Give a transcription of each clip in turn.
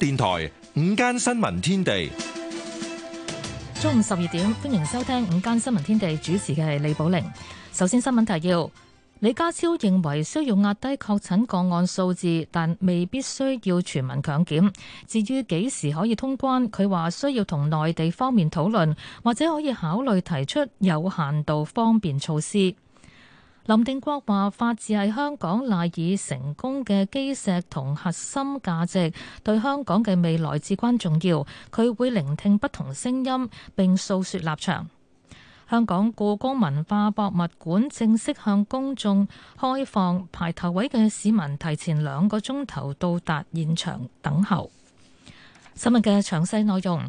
電台午間新聞天地，中午十二點，歡迎收聽午間新聞天地，主持嘅係李寶玲。首先新聞提要，李家超認為需要壓低確診個案數字，但未必需要全民強檢。至於幾時可以通關，佢話需要同內地方面討論，或者可以考慮提出有限度方便措施。林定國話：法治係香港賴以成功嘅基石同核心價值，對香港嘅未來至關重要。佢會聆聽不同聲音，並訴說立場。香港故宮文化博物館正式向公眾開放，排頭位嘅市民提前兩個鐘頭到達現場等候。新聞嘅詳細內容。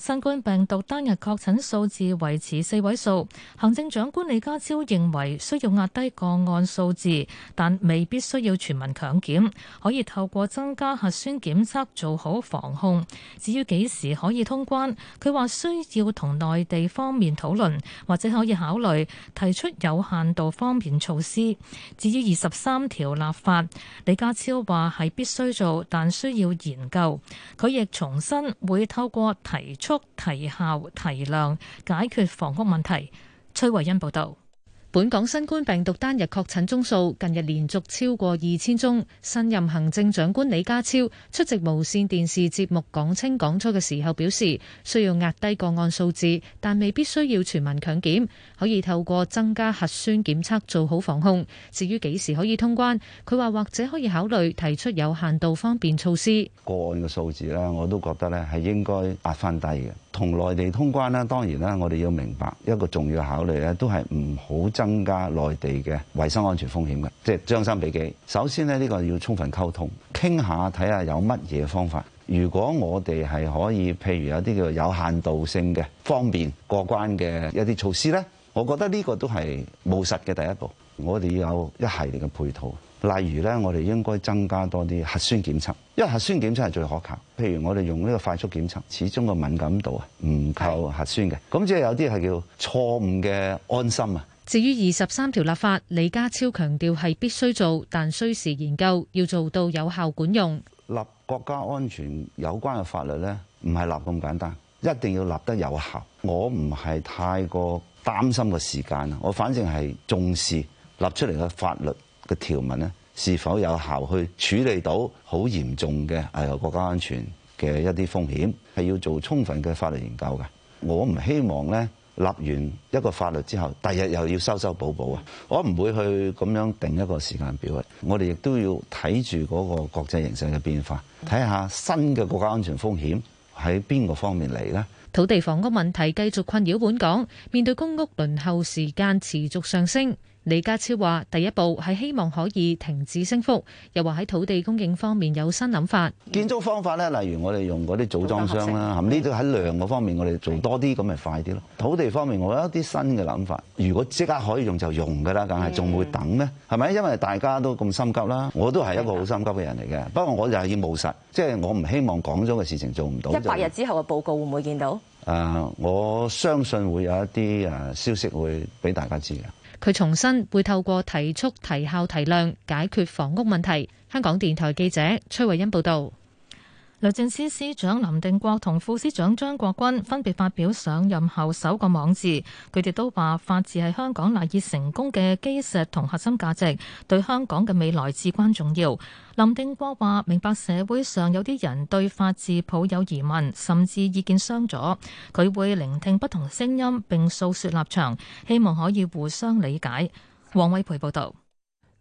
新冠病毒單日確診數字維持四位數，行政長官李家超認為需要壓低個案數字，但未必需要全民強檢，可以透過增加核酸檢測做好防控。至於幾時可以通關，佢話需要同內地方面討論，或者可以考慮提出有限度方便措施。至於二十三條立法，李家超話係必須做，但需要研究。佢亦重申會透過提出。促提效、提量，解決房屋問題，崔慧欣報道。本港新冠病毒單日確診宗數近日連續超過二千宗。新任行政長官李家超出席無線電視節目講清講楚嘅時候表示，需要壓低個案數字，但未必需要全民強檢，可以透過增加核酸檢測做好防控。至於幾時可以通關，佢話或者可以考慮提出有限度方便措施。個案嘅數字咧，我都覺得咧係應該壓翻低嘅。同內地通關啦，當然啦，我哋要明白一個重要的考慮咧，都係唔好增加內地嘅衞生安全風險嘅，即係將心比己。首先咧，呢個要充分溝通，傾下睇下有乜嘢方法。如果我哋係可以，譬如有啲叫有限度性嘅方便過關嘅一啲措施呢，我覺得呢個都係務實嘅第一步。我哋要有一系列嘅配套。例如咧，我哋應該增加多啲核酸檢測，因為核酸檢測係最可靠。譬如我哋用呢個快速檢測，始終個敏感度啊唔夠核酸嘅，咁即係有啲係叫錯誤嘅安心啊。至於二十三條立法，李家超強調係必須做，但需時研究，要做到有效管用。立國家安全有關嘅法律咧，唔係立咁簡單，一定要立得有效。我唔係太過擔心個時間啊，我反正係重視立出嚟嘅法律。嘅條文呢，是否有效去處理到好嚴重嘅危害國家安全嘅一啲風險，係要做充分嘅法律研究嘅。我唔希望呢立完一個法律之後，第日又要修修補補啊！我唔會去咁樣定一個時間表啊！我哋亦都要睇住嗰個國際形勢嘅變化，睇下新嘅國家安全風險喺邊個方面嚟呢。土地房屋問題繼續困擾本港，面對公屋輪候時間持續上升。李家超話：第一步係希望可以停止升幅，又話喺土地供應方面有新諗法。建築方法咧，例如我哋用嗰啲組裝箱啦，咁呢度喺量嗰方面我哋做多啲咁咪快啲咯。土地方面我有一啲新嘅諗法，如果即刻可以用就用噶啦，梗係仲會等呢，嗯、係咪？因為大家都咁心急啦，我都係一個好心急嘅人嚟嘅。不過我就係要務實，即係我唔希望講咗嘅事情做唔到。一百日之後嘅報告會唔會見到？誒，我相信會有一啲誒消息會俾大家知嘅。佢重申會透過提速、提效、提量解決房屋問題。香港電台記者崔慧欣報導。律政司司長林定國同副司長張國軍分別發表上任後首個網誌，佢哋都話法治係香港賴以成功嘅基石同核心價值，對香港嘅未來至關重要。林定國話明白社會上有啲人對法治抱有疑問，甚至意見相左，佢會聆聽不同聲音，並訴說立場，希望可以互相理解。黃偉培報道。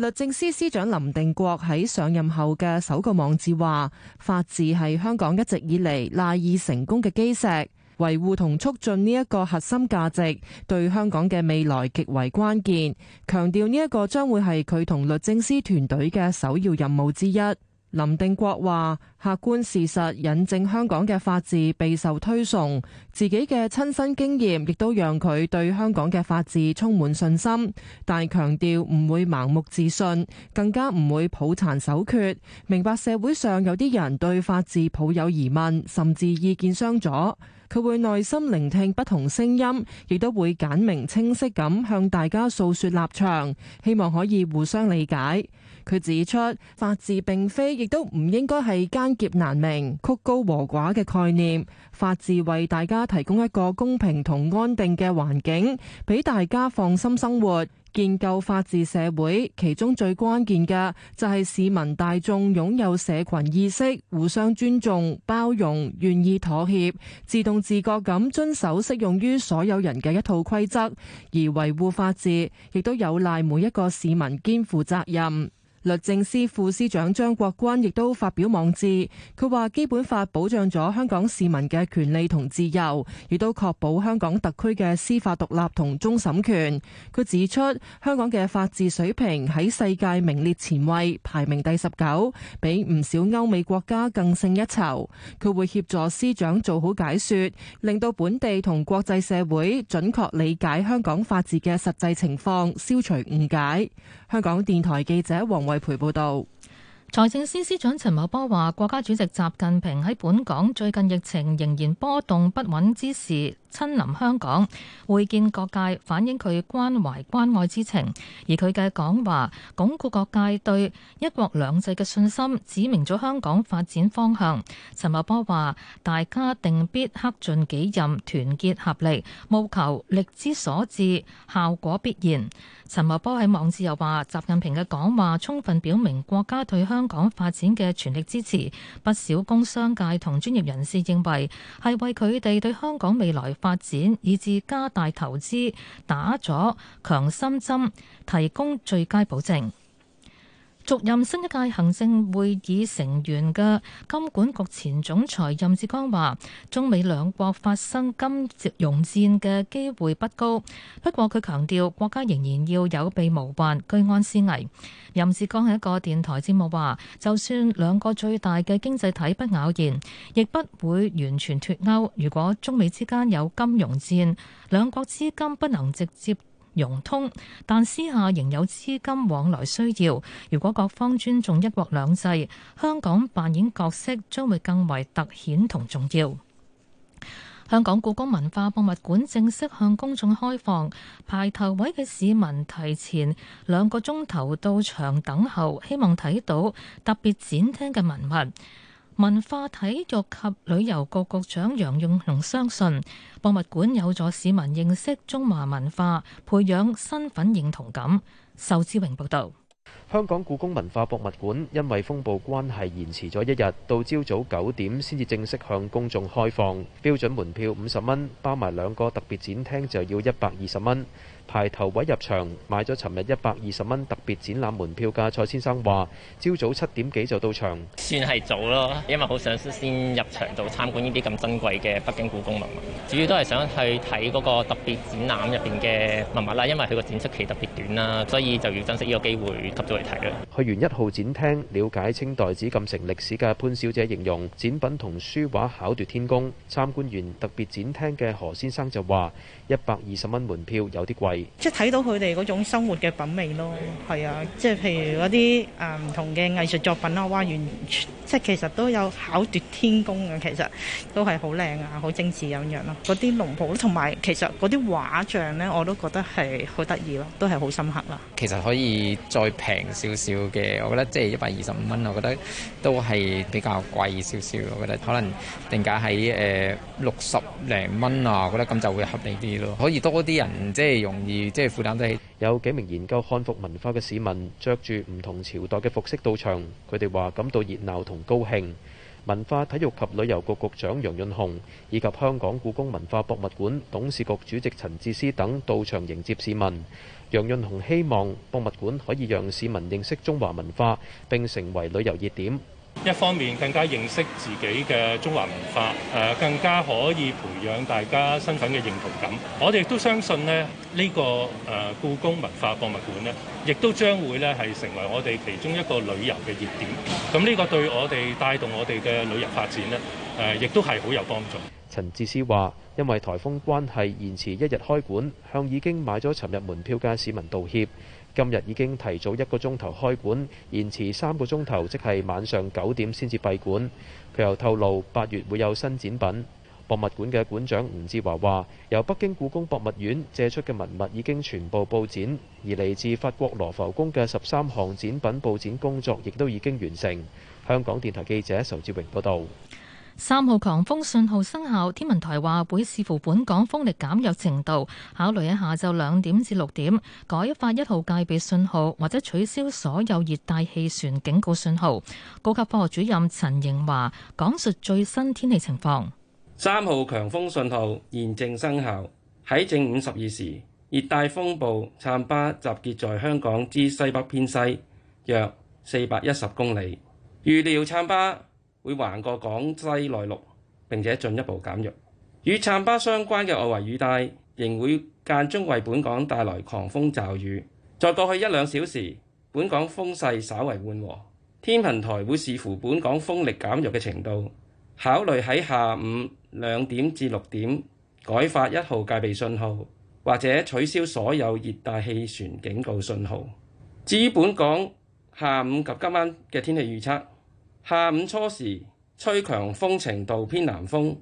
律政司司長林定國喺上任後嘅首個網誌話，法治係香港一直以嚟賴以成功嘅基石，維護同促進呢一個核心價值，對香港嘅未來極為關鍵。強調呢一個將會係佢同律政司團隊嘅首要任務之一。林定國話：客觀事實引證香港嘅法治備受推崇，自己嘅親身經驗亦都讓佢對香港嘅法治充滿信心，但強調唔會盲目自信，更加唔會抱殘守缺。明白社會上有啲人對法治抱有疑問，甚至意見相左。佢會耐心聆聽不同聲音，亦都會簡明清晰咁向大家訴說立場，希望可以互相理解。佢指出，法治並非亦都唔應該係艱澀難明、曲高和寡嘅概念。法治為大家提供一個公平同安定嘅環境，俾大家放心生活。建構法治社會，其中最關鍵嘅就係市民大眾擁有社群意識，互相尊重、包容、願意妥協，自動自覺咁遵守適用於所有人嘅一套規則，而維護法治，亦都有賴每一個市民肩負責任。律政司副司長張國鈞亦都發表網誌，佢話《基本法》保障咗香港市民嘅權利同自由，亦都確保香港特區嘅司法獨立同終審權。佢指出，香港嘅法治水平喺世界名列前位，排名第十九，比唔少歐美國家更勝一籌。佢會協助司長做好解說，令到本地同國際社會準確理解香港法治嘅實際情況，消除誤解。香港電台記者黃魏培報道，財政司司長陳茂波話，國家主席習近平喺本港最近疫情仍然波動不穩之時，親臨香港會見各界，反映佢關懷關愛之情。而佢嘅講話鞏固各界對一國兩制嘅信心，指明咗香港發展方向。陳茂波話，大家定必克盡己任，團結合力，務求力之所至，效果必然。陳茂波喺網誌又話，習近平嘅講話充分表明國家對香港發展嘅全力支持。不少工商界同專業人士認為，係為佢哋對香港未來發展以至加大投資打咗強心針，提供最佳保證。續任新一屆行政會議成員嘅金管局前總裁任志剛話：中美兩國發生金融戰嘅機會不高。不過佢強調，國家仍然要有備無患，居安思危。任志剛喺一個電台節目話：就算兩個最大嘅經濟體不咬弦，亦不會完全脱鈎。如果中美之間有金融戰，兩國資金不能直接融通，但私下仍有資金往來需要。如果各方尊重一國兩制，香港扮演角色將會更為突顯同重要。香港故宮文化博物館正式向公眾開放，排頭位嘅市民提前兩個鐘頭到場等候，希望睇到特別展廳嘅文物。文化體育及旅遊局局長楊潤雄相信，博物館有助市民認識中華文化，培養身份認同感。仇志榮報導。香港故宮文化博物館因為風暴關係延遲咗一日，到朝早九點先至正式向公眾開放。標準門票五十蚊，包埋兩個特別展廳就要一百二十蚊。排頭位入場買咗尋日一百二十蚊特別展覽門票嘅蔡先生話，朝早七點幾就到場，算係早咯，因為好想先入場度參觀呢啲咁珍貴嘅北京故宮文物，物。主要都係想去睇嗰個特別展覽入邊嘅文物啦，因為佢個展出期特別短啦，所以就要珍惜呢個機會給咗嚟睇啦。去完一號展廳了解清代紫禁城歷史嘅潘小姐形容，展品同書畫巧奪天工。參觀完特別展廳嘅何先生就話，一百二十蚊門票有啲貴。即係睇到佢哋嗰種生活嘅品味咯，係啊，即係譬如嗰啲誒唔同嘅藝術作品啦，哇，完全即係其實都有巧奪天工嘅，其實都係好靚啊，好精緻咁樣咯。嗰啲龍袍同埋其實嗰啲畫像咧，我都覺得係好得意咯，都係好深刻啦。其實可以再平少少嘅，我覺得即係一百二十五蚊，我覺得都係比較貴少少。我覺得可能定價喺誒六十零蚊啊，我覺得咁就會合理啲咯。可以多啲人即係用。而即係負擔得起。有幾名研究漢服文化嘅市民著住唔同朝代嘅服飾到場，佢哋話感到熱鬧同高興。文化、體育及旅遊局局長楊潤雄以及香港故宮文化博物館董事局主席陳智思等到場迎接市民。楊潤雄希望博物館可以讓市民認識中華文化，並成為旅遊熱點。一方面更加認識自己嘅中華文化，更加可以培養大家身份嘅認同感。我哋亦都相信呢個故宮文化博物館呢，亦都將會咧係成為我哋其中一個旅遊嘅熱點。咁呢個對我哋帶動我哋嘅旅遊發展呢，亦都係好有幫助。陳智思話：因為颱風關係延遲一日開館，向已經買咗尋日門票嘅市民道歉。今日已經提早一個鐘頭開館，延遲三個鐘頭，即係晚上九點先至閉館。佢又透露，八月會有新展品。博物館嘅館長吳志華話，由北京故宮博物院借出嘅文物已經全部布展，而嚟自法國羅浮宮嘅十三項展品布展工作亦都已經完成。香港電台記者仇志榮報道。三號強風信號生效，天文台話會視乎本港風力減弱程度，考慮喺下晝兩點至六點改發一號戒備信號，或者取消所有熱帶氣旋警告信號。高級科學主任陳瑩華講述最新天氣情況。三號強風信號現正生效，喺正午十二時，熱帶風暴燦巴集結在香港之西北偏西約四百一十公里，預料燦巴。會橫過廣西內陸，並且進一步減弱。與暹芭相關嘅外圍雨帶仍會間中為本港帶來狂風驟雨。在過去一兩小時，本港風勢稍為緩和。天文台會視乎本港風力減弱嘅程度，考慮喺下午兩點至六點改發一號戒備信號，或者取消所有熱帶氣旋警告信號。至於本港下午及今晚嘅天氣預測。下午初時吹強風，程度偏南風，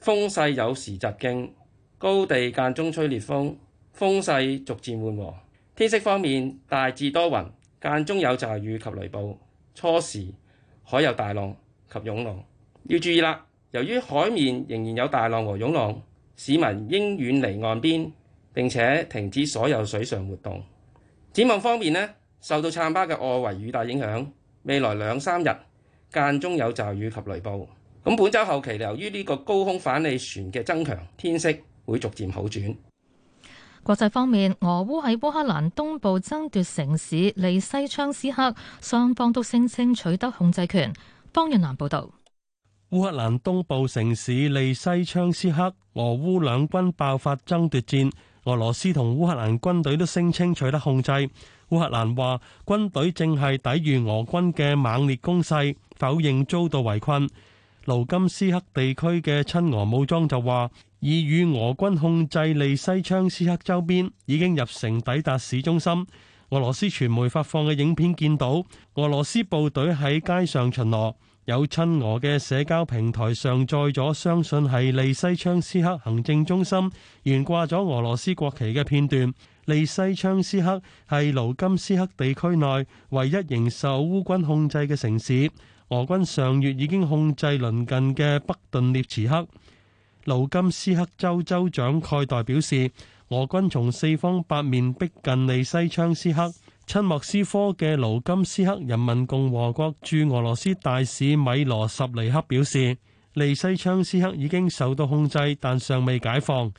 風勢有時颯勁，高地間中吹烈風，風勢逐漸緩和。天色方面大致多雲，間中有驟雨及雷暴。初時海有大浪及湧浪，要注意啦！由於海面仍然有大浪和湧浪，市民應遠離岸邊並且停止所有水上活動。展望方面呢，受到撐巴嘅外圍雨帶影響，未來兩三日，間中有驟雨及雷暴，咁本周後期由於呢個高空反氣旋嘅增強，天色會逐漸好轉。國際方面，俄烏喺烏克蘭東部爭奪城市利西昌斯克，雙方都聲稱取得控制權。方潤南報道，烏克蘭東部城市利西昌斯克，俄烏兩軍爆發爭奪戰，俄羅斯同烏克蘭軍隊都聲稱取得控制。烏克蘭話，軍隊正係抵禦俄軍嘅猛烈攻勢，否認遭到圍困。盧甘斯克地區嘅親俄武裝就話，已與俄軍控制利西昌斯克周邊，已經入城抵達市中心。俄羅斯傳媒發放嘅影片見到俄羅斯部隊喺街上巡邏，有親俄嘅社交平台上載咗相信係利西昌斯克行政中心懸掛咗俄羅斯國旗嘅片段。利西昌斯克係盧甘斯克地區內唯一仍受烏軍控制嘅城市。俄軍上月已經控制鄰近嘅北頓涅茨克。盧甘斯克州州長蓋代表示，俄軍從四方八面逼近利西昌斯克。親莫斯科嘅盧甘斯克人民共和國駐俄羅斯大使米羅什尼克表示，利西昌斯克已經受到控制，但尚未解放。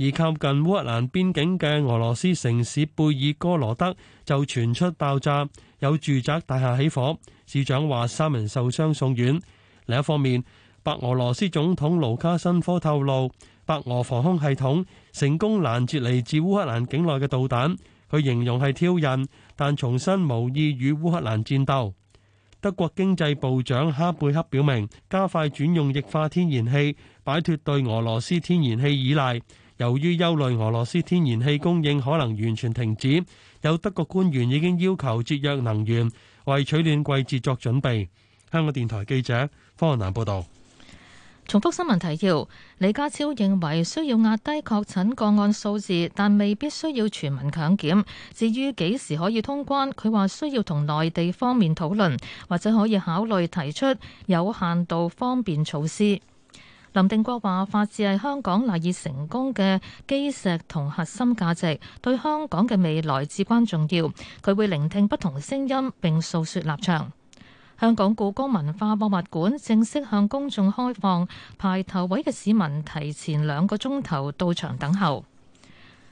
而靠近烏克蘭邊境嘅俄羅斯城市貝爾哥羅德就傳出爆炸，有住宅大廈起火。市長話三人受傷送院。另一方面，白俄羅斯總統盧卡申科透露，白俄防空系統成功攔截嚟自烏克蘭境內嘅導彈，佢形容係挑釁，但重申無意與烏克蘭戰鬥。德國經濟部長哈貝克表明，加快轉用液化天然氣擺脫對俄羅斯天然氣依賴。由於憂慮俄羅斯天然氣供應可能完全停止，有德國官員已經要求節約能源，為取暖季節作準備。香港電台記者方雲南報道。重複新聞提要，李家超認為需要壓低確診個案數字，但未必需要全民強檢。至於幾時可以通關，佢話需要同內地方面討論，或者可以考慮提出有限度方便措施。林定國話：法治係香港賴以成功嘅基石同核心價值，對香港嘅未來至關重要。佢會聆聽不同聲音並訴說立場。香港故宮文化博物館正式向公眾開放，排頭位嘅市民提前兩個鐘頭到場等候。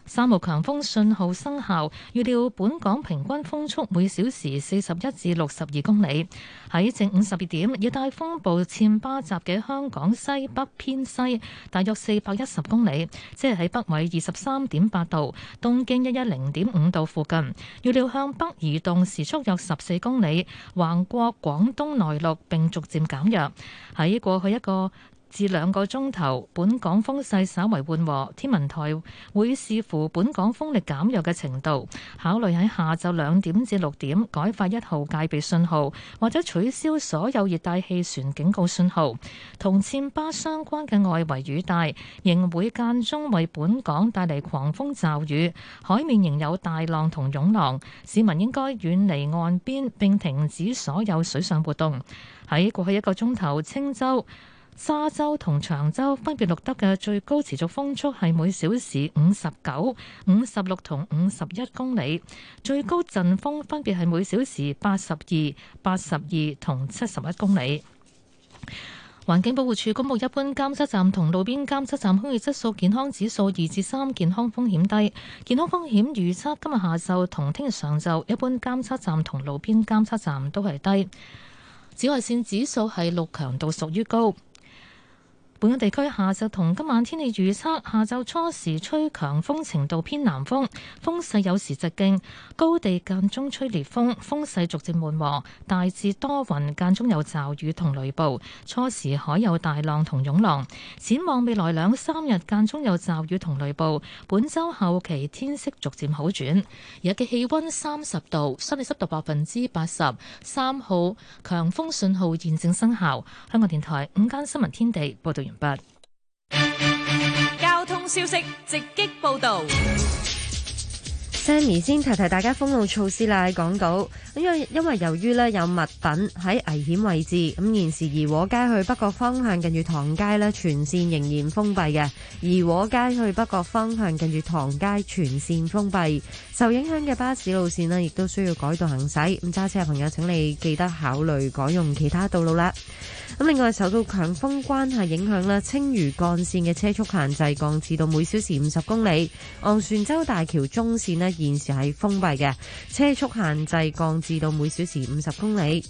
三號強風信號生效，預料本港平均風速每小時四十一至六十二公里。喺正午十二點，熱帶風暴暹巴集嘅香港西北偏西，大約四百一十公里，即係喺北緯二十三點八度、東經一一零點五度附近。預料向北移動時速約十四公里，橫過廣東內陸並逐漸減弱。喺過去一個至兩個鐘頭，本港風勢稍為緩和，天文台會視乎本港風力減弱嘅程度，考慮喺下晝兩點至六點改發一號戒備信號，或者取消所有熱帶氣旋警告信號。同暹巴相關嘅外圍雨帶仍會間中為本港帶嚟狂風驟雨，海面仍有大浪同湧浪，市民應該遠離岸邊並停止所有水上活動。喺過去一個鐘頭，青州、沙洲同長洲分別錄得嘅最高持續風速係每小時五十九、五十六同五十一公里，最高陣風分別係每小時八十二、八十二同七十一公里。環境保護署公布一般監測站同路邊監測站空氣質素健康指數二至三，健康風險低。健康風險預測今日下晝同聽日上晝，一般監測站同路邊監測站都係低。紫外線指數係六強度，屬於高。本港地區下晝同今晚天氣預測，下晝初時吹強風程度偏南風，風勢有時直徑高地間中吹烈風，風勢逐漸緩和，大致多雲間中有驟雨同雷暴。初時海有大浪同湧浪。展望未來兩三日間中有驟雨同雷暴。本周後期天色逐漸好轉，而日嘅氣溫三十度，濕氣濕度百分之八十三號強風信號現正生效。香港電台午間新聞天地報道。But, 交通消息直擊報道。Sammy 先提提大家封路措施啦，講到因為因為由於咧有物品喺危險位置，咁現時怡和街去北角方向近住唐街咧全線仍然封閉嘅，怡和街去北角方向近住唐街全線封閉，受影響嘅巴士路線咧亦都需要改道行駛，咁揸車嘅朋友請你記得考慮改用其他道路啦。咁另外受到強風關係影響咧，青嶼幹線嘅車速限制降至到每小時五十公里，昂船洲大橋中線現時係封閉嘅，車速限制降至到每小時五十公里。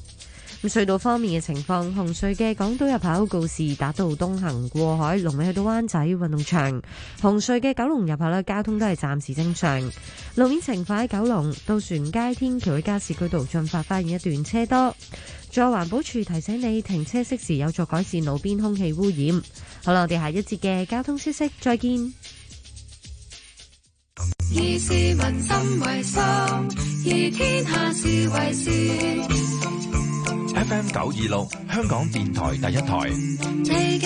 咁隧道方面嘅情況，紅隧嘅港島入口告士打道東行過海，龍尾去到灣仔運動場。紅隧嘅九龍入口咧，交通都係暫時正常。路面情況喺九龍渡船街天橋嘅加士居道進發發現一段車多。再環保署提醒你，停車熄匙有助改善路邊空氣污染。好啦，我哋下一節嘅交通消息再見。以市民心為心，以天下事為先。九二六，香港電台第一台。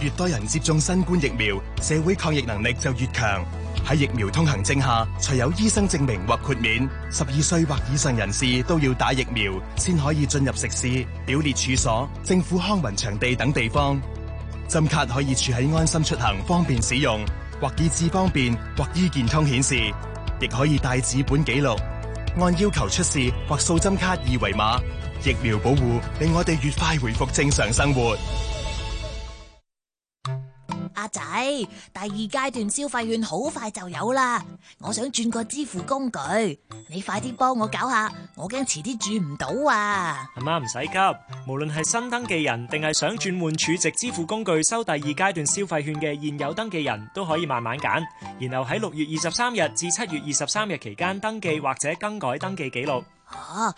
越多人接種新冠疫苗，社會抗疫能力就越強。喺疫苗通行證下，除有醫生證明或豁免，十二歲或以上人士都要打疫苗，先可以進入食肆、表列處所、政府康文場地等地方。針卡可以儲喺安心出行，方便使用，或以智方便或醫健通顯示，亦可以帶紙本記錄。按要求出示或掃針卡二維碼，疫苗保護令我哋越快回復正常生活。阿仔，第二階段消費券好快就有啦。我想轉個支付工具，你快啲幫我搞下，我驚遲啲轉唔到啊。阿媽唔使急，無論係新登記人定係想轉換儲值支付工具收第二階段消費券嘅現有登記人都可以慢慢揀，然後喺六月二十三日至七月二十三日期間登記或者更改登記記錄。吓、啊，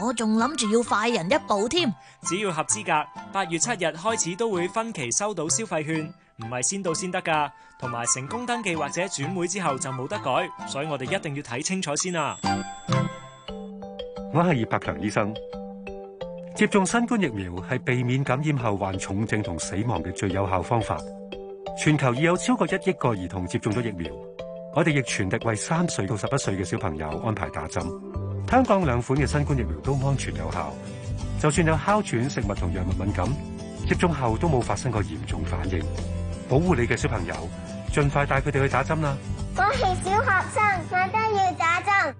我仲諗住要快人一步添，只要合資格，八月七日開始都會分期收到消費券。唔係先到先得噶同埋成功登記或者轉會之後就冇得改，所以我哋一定要睇清楚先啦。我係葉柏強醫生，接種新冠疫苗係避免感染後患重症同死亡嘅最有效方法。全球已有超過一億個兒童接種咗疫苗，我哋亦全力為三歲到十一歲嘅小朋友安排打針。香港兩款嘅新冠疫苗都安全有效，就算有哮喘、食物同藥物敏感，接種後都冇發生過嚴重反應。保護你嘅小朋友，盡快帶佢哋去打針啦！我係小學生，我都要打針。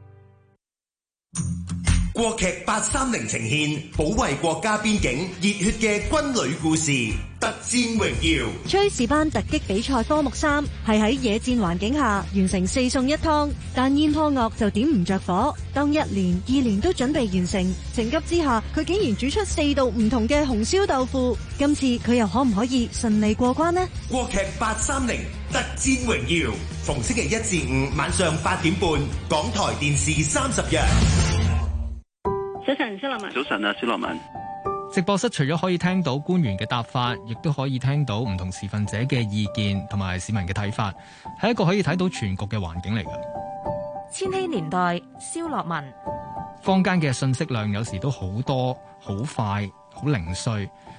國劇八三零呈現保衛國家邊境熱血嘅軍旅故事，特戰榮耀。炊事班突擊比賽科目三係喺野戰環境下完成四餸一湯，但煙鍋鍋就點唔着火。當一年、二年都準備完成，情急之下，佢竟然煮出四道唔同嘅紅燒豆腐。今次佢又可唔可以順利過關呢？國劇八三零特戰榮耀，逢星期一至五晚上八點半，港台電視三十日。早晨，蕭樂文。早晨啊，蕭樂文。直播室除咗可以聽到官員嘅答法，亦都可以聽到唔同持份者嘅意見同埋市民嘅睇法，係一個可以睇到全局嘅環境嚟嘅。千禧年代，蕭樂文。坊間嘅信息量有時都好多、好快、好零碎。